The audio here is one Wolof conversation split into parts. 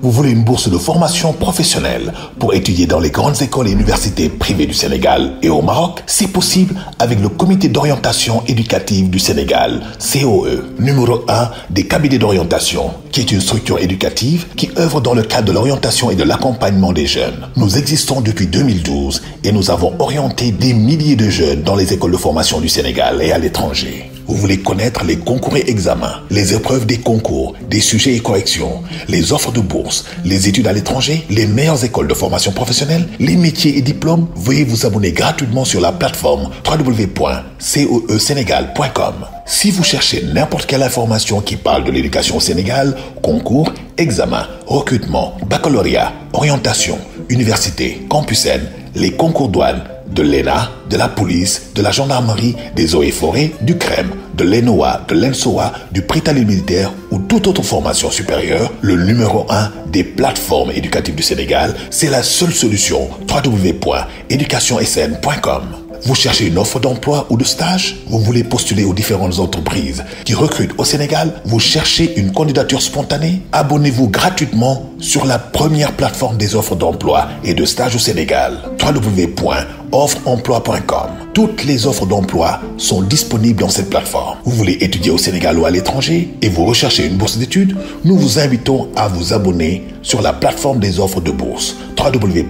Vous voulez une bourse de formation professionnelle pour étudier dans les grandes écoles et universités privées du Sénégal et au Maroc C'est possible avec le Comité d'orientation éducative du Sénégal, COE, numéro 1 des cabinets d'orientation, qui est une structure éducative qui œuvre dans le cadre de l'orientation et de l'accompagnement des jeunes. Nous existons depuis 2012 et nous avons orienté des milliers de jeunes dans les écoles de formation du Sénégal et à l'étranger voulez connaître les concours et examens, les épreuves des concours, des sujets et corrections, les offres de bourse, les études à l'étranger, les meilleures écoles de formation professionnelle, les métiers et diplômes, veuillez vous abonner gratuitement sur la plateforme www.coesénégal.com. Si vous cherchez n'importe quelle information qui parle de l'éducation au Sénégal, concours, examens, recrutement, baccalauréat, orientation, université, campus N, les concours douanes, de l'ENA, de la police, de la gendarmerie, des eaux et forêts, du Crème, de l'ENOA, de l'ENSOA, du prétali militaire ou toute autre formation supérieure, le numéro 1 des plateformes éducatives du Sénégal, c'est la seule solution www.educationsn.com. Vous cherchez une offre d'emploi ou de stage Vous voulez postuler aux différentes entreprises qui recrutent au Sénégal Vous cherchez une candidature spontanée Abonnez-vous gratuitement sur la première plateforme des offres d'emploi et de stage au Sénégal, www.offreemploi.com. Toutes les offres d'emploi sont disponibles dans cette plateforme. Vous voulez étudier au Sénégal ou à l'étranger et vous recherchez une bourse d'études Nous vous invitons à vous abonner sur la plateforme des offres de bourse www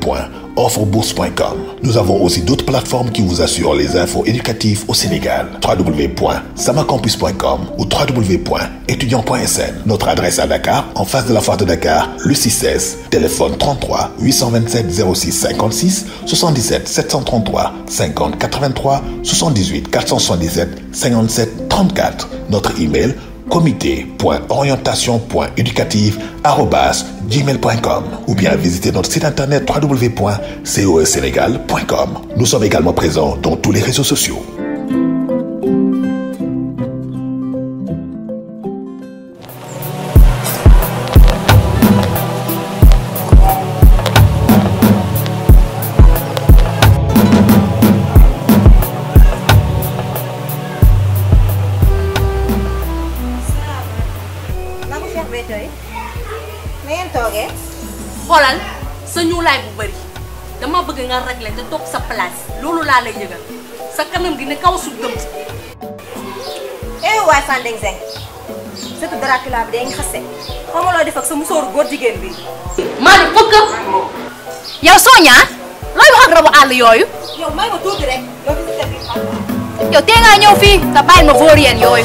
offrebourse.com. Nous avons aussi d'autres plateformes qui vous assurent les infos éducatives au Sénégal. www.samacampus.com ou www.étudiant.sn. Notre adresse à Dakar, en face de la foire de Dakar, le 16, téléphone 33 827 06 56 77 733 50 83 78 477 57 34. Notre email gmail.com ou bien visiter notre site internet www.cosénégal.com. Nous sommes également présents dans tous les réseaux sociaux. xoolal sa ñuulaay bu bëri dama bëgg nga régler te toog sa place loolu laa lay yëgal sa kanam gi ne kaw su dëmm. Eh sa musóoru góor jigéen bi. maa ngi bëgg. yow Sonia looy wax ak rabu àll yooyu. yow may tee ngaa ñëw fii te bàyyi ma vaurien yooyu.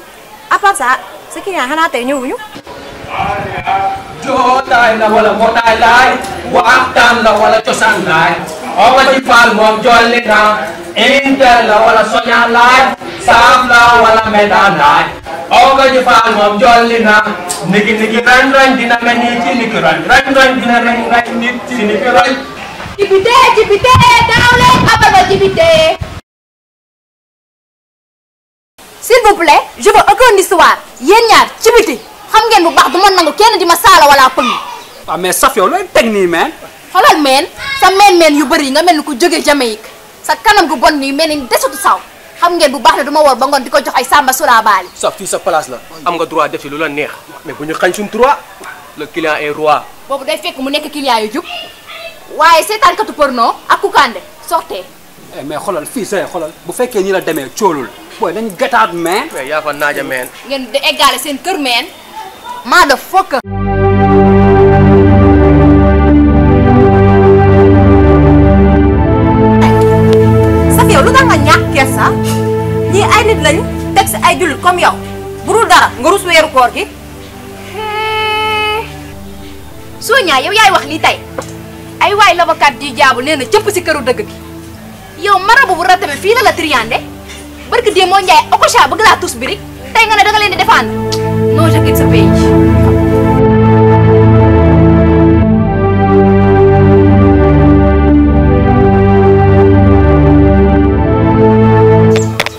apa sa sikinya hana te nyu nyu jo tai na wala mo tai lai wa tam la wala cho san lai o ma ti fal mo jo le na inter la wala so nya lai sam la wala medan lai o ma ti fal mo jo le na niki niki ran ran dina me ni ti niki ran ran ran dina me ni ran ni ti niki ran Jipite, jipite, down leg, up, jipite. s'il vous plaît je veux aucune histoire yéen ñaar ci biti xam ngeen bu baax du ma nangu kenn di ma saala wala pëng. waaw ah, mais ça fait looy teg nii meen. xoolal meen sa meen-meen yu bëri nga mel ni ku jógee Jamaïque sa kanam gu bon nii mel ni desutu saw xam ngeen bu baax ne du ma wor ba ngoon di ko jox ay sàmba sula baali. saf fii sa place la. am nga droit def ci lu la neex. mais bu ñu xañ suñu droit. le client est roi. boobu day fekk mu nekk client yu jub waaye seetaankatu porno ak kukaande sortee. Eh, mais xoolal fii sa xoolal bu fekkee ñi la demee coolul. boy dañ get out man. yaa fa naaja man. ngeen di égaler seen kër man. maa de fokk. sax yow lu tax nga ñàkk kersa ñii ay nit lañu teg si ay jullit comme yow bu dul dara nga rus weeru koor gi. Sonia yow yaay wax lii tey ay waay l'avocat di jaabu nee na si këru dëgg gi yow marabu bu rattabe fii la la barke Diém moo Ndiaye Okocha bëgg la tous bi rek tey nga ne nga leen di defaan non j'habite ce pays.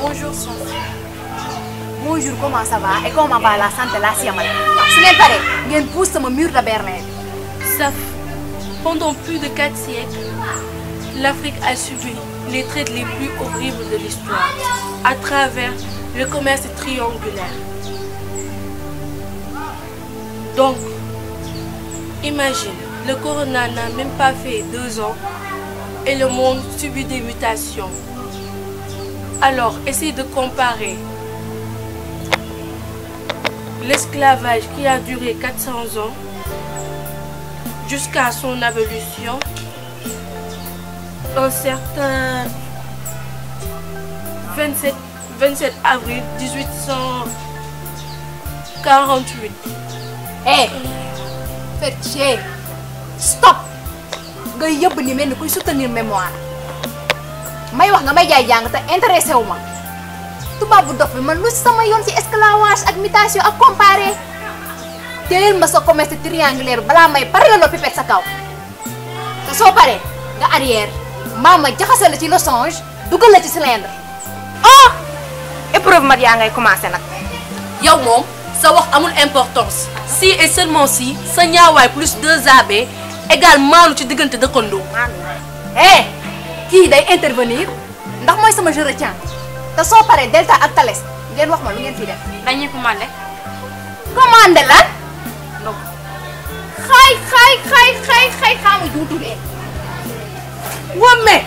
bonjour son bonjour comment ça va et comment va la santé la siamale su ngeen paree ngeen pousse sama mur de Berlin. Saf pendant plus de 4 siècles l'Afrique a subi les traites les plus horribles de l'histoire à travers le commerce triangulaire. Donc, imagine, le corona n'a même pas fait deux ans et le monde subit des mutations. Alors, essaye de comparer l'esclavage qui a duré 400 ans jusqu'à son abolition, un certain 27, 27 avril 1848. Hey, Fetché, stop! Nga yëbb ni mel ni kuy soutenir mémoire. May wax nga may jaay jàng você. intéressé wu ma. tubaab bu dof bi man lu sama yoon ci esclavage ak mutation ak comparé. téyel ma sa commerce triangulaire balaa may pareeloo pipet sa kaw. te soo paree nga arrière de jaxase la ci losange dugal de ci cylindre. épreuve mat ngay commencé nak yow mom sa wax amul importance si et seulement si sa ñaawaay plus 2AB égal maalu ci digënté diggante dëkkandoo. eh kii day intervenir ndax moy sama je retiens ta so paré Delta ak Thales ngeen wax ma lu ngeen fi def. dañuy commandé. commandé lan. non xay xay xay xay xay xaamu juutu de. wóome.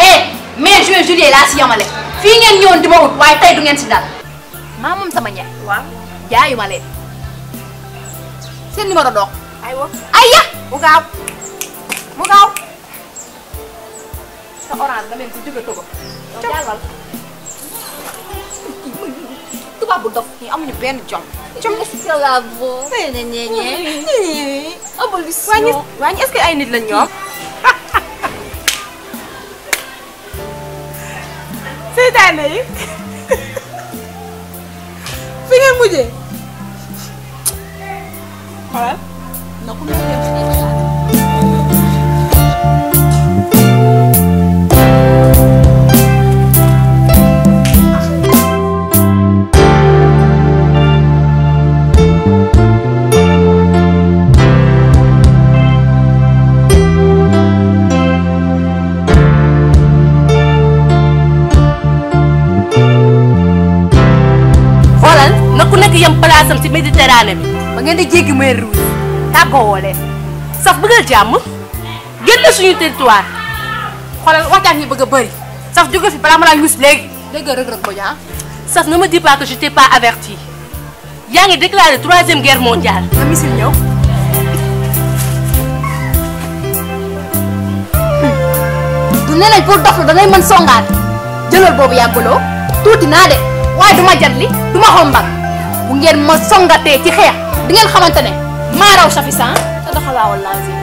eh. mais juin juillet la si yamale fii ngeen ñewon di ma wut waaye tey du ngeen ci dal ma mom sama ñaay wa jaayu ma leen seen numéro wa ay ya mu gaaw mu gaaw sa orange da len ci jóge togo jàllal tubaab bu dof ñi amuñu ben jom jom ci la esclavo fay na ñeñe abolition wañ wañ est-ce que ay nit lañ ñoo seytaane yi fi ngeen mujjee xoolal na ku palaasam si Méditerranée bi ba ngeen di jéggi mer Rouge tàggoo leen saf bëggal jàmm génn suñu territoire xoolal waxtaan ñi bëgg a bëri saf jóge fi balaa ma laa ñuus léegi dégg nga rëg-rëg ko jaa saf ne me dis pas que je t'ai pas averti yaa ngi déclaré troisième guerre mondiale nga misil ñëw du ne nañ pour dox la dangay mën songaat jëlal boobu yàggaloo tuuti naa de waaye duma jatli duma xombal bu ngeen ma songatee ci xeex di ngeen xamante ne maa raw Chafi San te doxalaa wallaahi.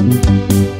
Thank you.